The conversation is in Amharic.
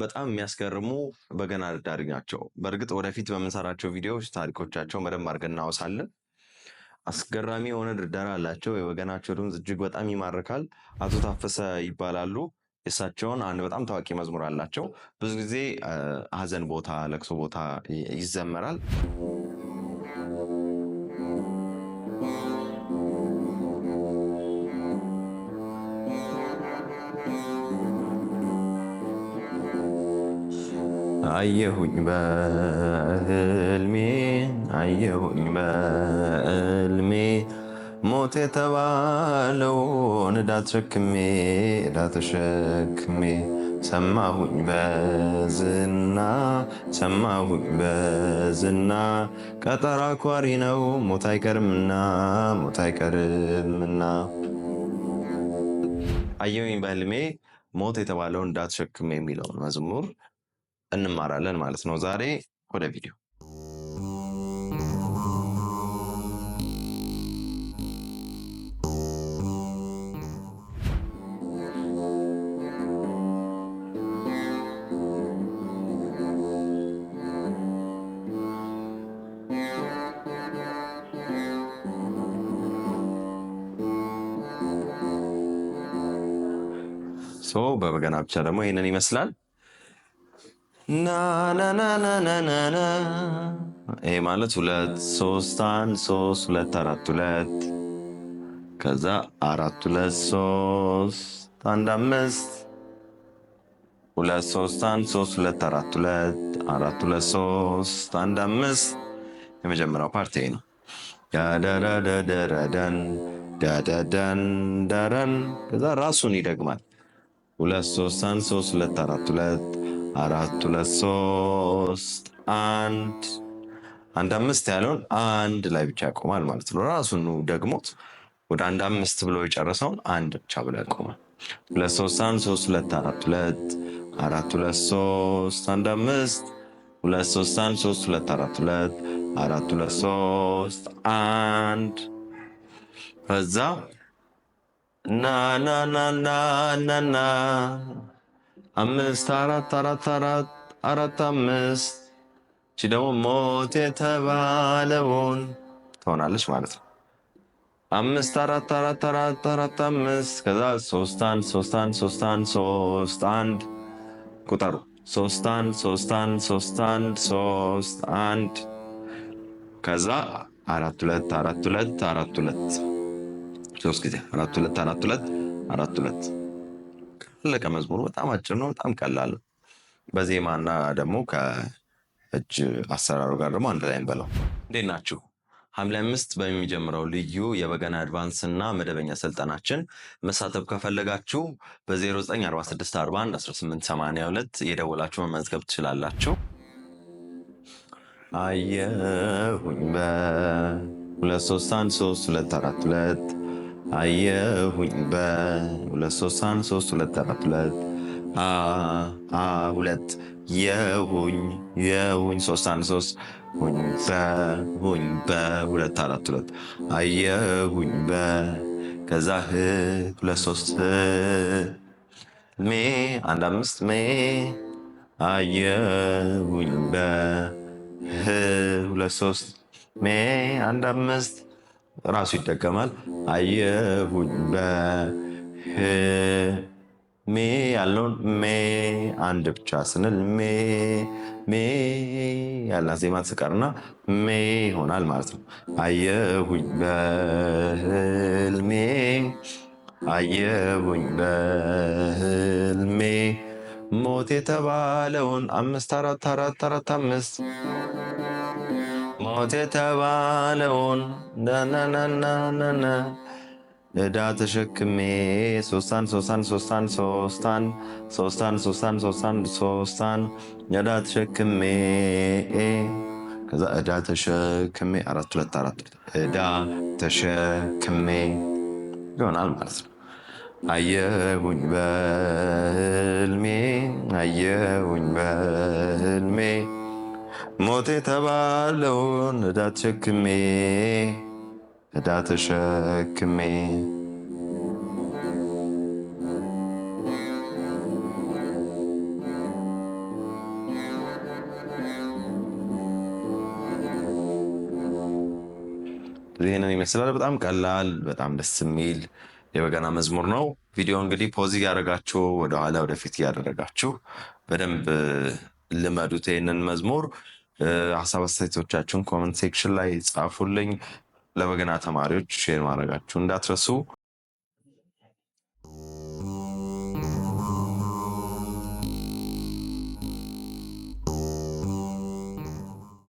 በጣም የሚያስገርሙ በገና ደርዳሪ ናቸው። በእርግጥ ወደፊት በምንሰራቸው ቪዲዮዎች ታሪኮቻቸውን በደንብ አድርገን እናወሳለን። አስገራሚ የሆነ ድርደራ አላቸው። የበገናቸው ድምፅ እጅግ በጣም ይማርካል። አቶ ታፈሰ ይባላሉ። የእሳቸውን አንድ በጣም ታዋቂ መዝሙር አላቸው። ብዙ ጊዜ ሀዘን ቦታ፣ ለቅሶ ቦታ ይዘመራል። አየሁኝ በህልሜ አየሁኝ በህልሜ ሞት የተባለውን ዕዳ ተሸክሜ ዕዳ ተሸክሜ ሰማሁኝ በዝና ሰማሁኝ በዝና ቀጠሮ አኳሪ ነው ሞት አይቀርምና ሞት አይቀርምና አየሁኝ በህልሜ ሞት የተባለውን ዕዳ ተሸክሜ የሚለውን መዝሙር እንማራለን ማለት ነው። ዛሬ ወደ ቪዲዮ በበገና ብቻ ደግሞ ይህንን ይመስላል። ናናናናናና ይሄ eh, ማለት ሁለት ሶስት አንድ ሶስት ሁለት አራት ሁለት ከዛ አራት ሁለት ሶስት አንድ አምስት ሁለት ሶስት አንድ ሶስት ሁለት አራት ሁለት አራት ሁለት ሶስት አንድ አምስት የመጀመሪያው ፓርቲ ነው። ዳዳዳዳዳዳን ዳዳዳን ዳዳን ከዛ ራሱን ይደግማል። ሁለት ሶስት አንድ ሶስት ሁለት አራት ሁለት አራት ሁለት ሶስት አንድ አንድ አምስት ያለውን አንድ ላይ ብቻ ያቆማል ማለት ነው። ራሱን ደግሞት ወደ አንድ አምስት ብሎ የጨረሰውን አንድ ብቻ ብሎ ያቆማል። ሁለት ሶስት አንድ ሶስት ሁለት አራት ሁለት አራት ሁለት ሶስት አንድ አምስት ሁለት ሶስት አንድ ሶስት ሁለት አራት ሁለት አራት ሁለት ሶስት አንድ ከዛ ና ና ና ና ና አምስት አራት አራት አራት አራት አምስት እቺ ደግሞ ሞት የተባለውን ትሆናለች ማለት ነው። አምስት አራት አራት አራት አራት አምስት ከዛ ሶስት አንድ ሶስት አንድ ሶስት አንድ ሶስት አንድ ቁጠሩ ሶስት አንድ ሶስት አንድ ሶስት አንድ ሶስት አንድ ከዛ አራት ሁለት አራት ሁለት አራት ሁለት ሶስት ጊዜ አራት ሁለት አራት ሁለት አራት ሁለት አለቀ። መዝሙሩ በጣም አጭር ነው፣ በጣም ቀላል ነው። በዜማና ደግሞ ከእጅ አሰራሩ ጋር ደግሞ አንድ ላይ በለው። እንዴት ናችሁ? ሐምሌ አምስት በሚጀምረው ልዩ የበገና አድቫንስ እና መደበኛ ስልጠናችን መሳተፍ ከፈለጋችሁ በ0946411882 የደወላችሁ መመዝገብ ትችላላችሁ። አየሁኝ በ231324 አየሁኝ በሁለት ሶስት አንድ ሶስት ሁለት አራት ሁለት አ አ ሁለት የሁኝ የሁኝ ሶስት አንድ ሶስት ሁኝ በ ሁኝ አራት ሁለት አየሁኝ በ ከዛ ህ ሁለት ሶስት ሜ አንድ አምስት ሜ አየሁኝ በ ህ ሁለት ሶስት ሜ አንድ አምስት ራሱ ይጠቀማል። አየሁኝ በሜ ያለውን ሜ አንድ ብቻ ስንል ሜ ሜ ያለ ዜማ ስቀርና ሜ ይሆናል ማለት ነው። አየሁኝ በህልሜ አየሁኝ በህልሜ ሞት የተባለውን አምስት አራት አራት አራት አምስት ሞት የተባለውን ነነነነነ ዕዳ ተሸክሜ ሶስታን ሶስታን ሶስታን ሶስታን ሶስታን ሶስታን ሶስታን ሶስታን ዕዳ ተሸክሜ ከዛ ዕዳ ተሸክሜ አራት ሁለት አራት ዕዳ ተሸክሜ ይሆናል ማለት ነው። አየሁኝ በህልሜ አየሁኝ በህልሜ ሞት የተባለውን ዕዳ ተሸክሜ ዕዳ ተሸክሜ ይህንን ይመስላል። በጣም ቀላል፣ በጣም ደስ የሚል የበገና መዝሙር ነው። ቪዲዮ እንግዲህ ፖዚ እያደረጋችሁ ወደኋላ ወደፊት እያደረጋችሁ በደንብ ልመዱት ይህንን መዝሙር። ሀሳብ አስተያየቶቻችሁን ኮመንት ሴክሽን ላይ ጻፉልኝ። ለበገና ተማሪዎች ሼር ማድረጋችሁ እንዳትረሱ።